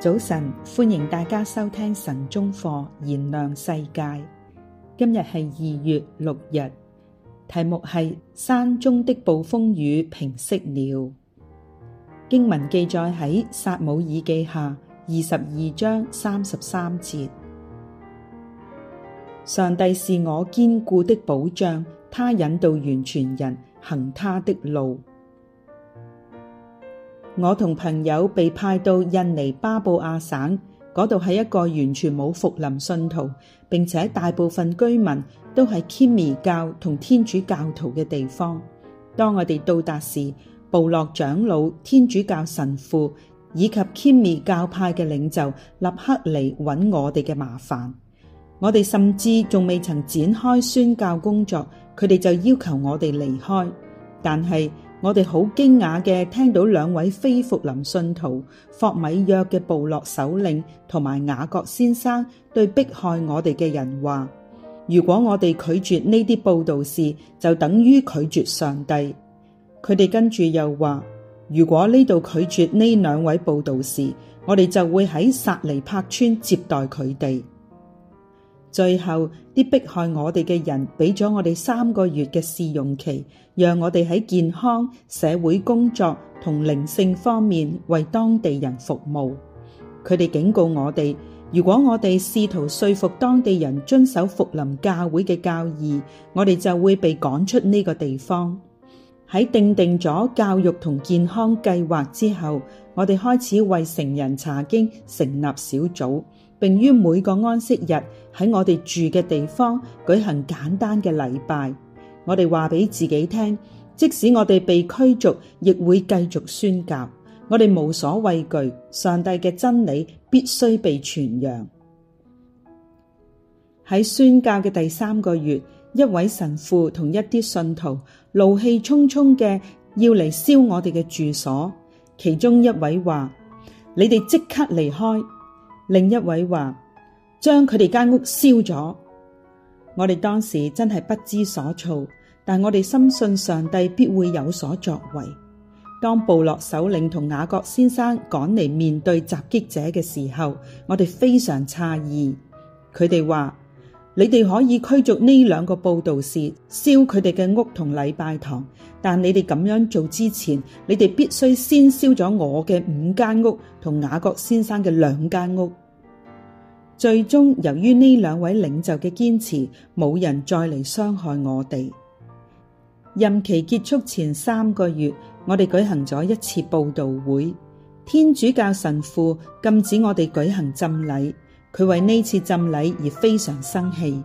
早晨，歡迎大家收聽晨鐘課，燃亮世界。今日係二月六日，題目係山中的暴風雨平息了。經文記載喺撒母耳記下二十二章三十三節：上帝是我堅固的保障，他引導完全人行他的路。我同朋友被派到印尼巴布亞省，嗰度係一個完全冇復臨信徒，並且大部分居民都係基督教同天主教徒嘅地方。當我哋到達時，部落長老、天主教神父以及基督教派嘅領袖，立刻嚟搵我哋嘅麻煩。我哋甚至仲未曾展開宣教工作，佢哋就要求我哋離開。但係，我哋好驚訝嘅聽到兩位非福林信徒霍米約嘅部落首領同埋雅各先生對迫害我哋嘅人話：如果我哋拒絕呢啲佈道士，就等於拒絕上帝。佢哋跟住又話：如果呢度拒絕呢兩位佈道士，我哋就會喺薩尼柏村接待佢哋。最後啲迫害我哋嘅人俾咗我哋三個月嘅試用期，讓我哋喺健康、社會工作同靈性方面為當地人服務。佢哋警告我哋，如果我哋試圖說服當地人遵守復臨教會嘅教義，我哋就會被趕出呢個地方。喺訂定咗教育同健康計劃之後，我哋開始為成人查經成立小組。並於每個安息日喺我哋住嘅地方舉行簡單嘅禮拜。我哋話俾自己聽，即使我哋被驅逐，亦會繼續宣教。我哋無所畏懼，上帝嘅真理必須被傳揚。喺宣教嘅第三個月，一位神父同一啲信徒怒氣冲沖嘅要嚟燒我哋嘅住所。其中一位話：你哋即刻離開。另一位話：將佢哋間屋燒咗。我哋當時真係不知所措，但我哋深信上帝必會有所作為。當部落首領同雅各先生趕嚟面對襲擊者嘅時候，我哋非常詫異。佢哋話：你哋可以驅逐呢兩個佈道士，燒佢哋嘅屋同禮拜堂，但你哋咁樣做之前，你哋必須先燒咗我嘅五間屋同雅各先生嘅兩間屋。最終，由於呢兩位領袖嘅堅持，冇人再嚟傷害我哋。任期結束前三個月，我哋舉行咗一次佈道會，天主教神父禁止我哋舉行浸禮。佢為呢次浸禮而非常生氣。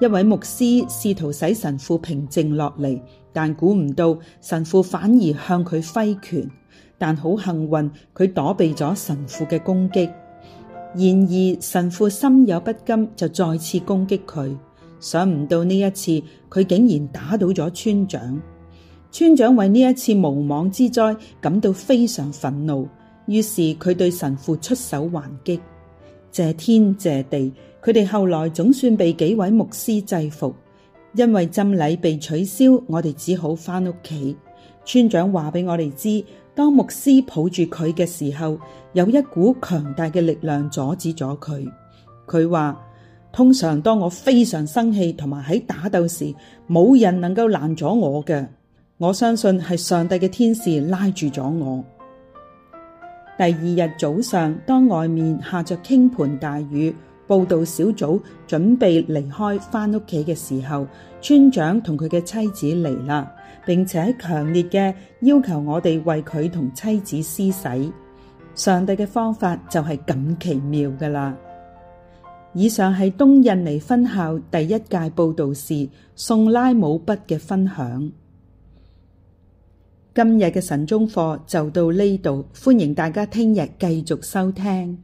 一位牧師試圖使神父平靜落嚟，但估唔到神父反而向佢揮拳。但好幸運，佢躲避咗神父嘅攻擊。然而神父心有不甘，就再次攻擊佢。想唔到呢一次，佢竟然打倒咗村長。村長為呢一次無妄之災感到非常憤怒，於是佢對神父出手還擊。謝天謝地，佢哋後來總算被幾位牧師制服，因為浸禮被取消，我哋只好翻屋企。村長話俾我哋知，當牧師抱住佢嘅時候，有一股強大嘅力量阻止咗佢。佢話：通常當我非常生氣同埋喺打鬥時，冇人能夠攔咗我嘅。我相信係上帝嘅天使拉住咗我。第二日早上，當外面下着傾盆大雨，佈道小組準備離開翻屋企嘅時候，村長同佢嘅妻子嚟啦，並且強烈嘅要求我哋為佢同妻子施洗。上帝嘅方法就係咁奇妙噶啦！以上係東印尼分校第一屆佈道士宋拉姆筆嘅分享。今日嘅晨鐘課就到呢度，歡迎大家聽日繼續收聽。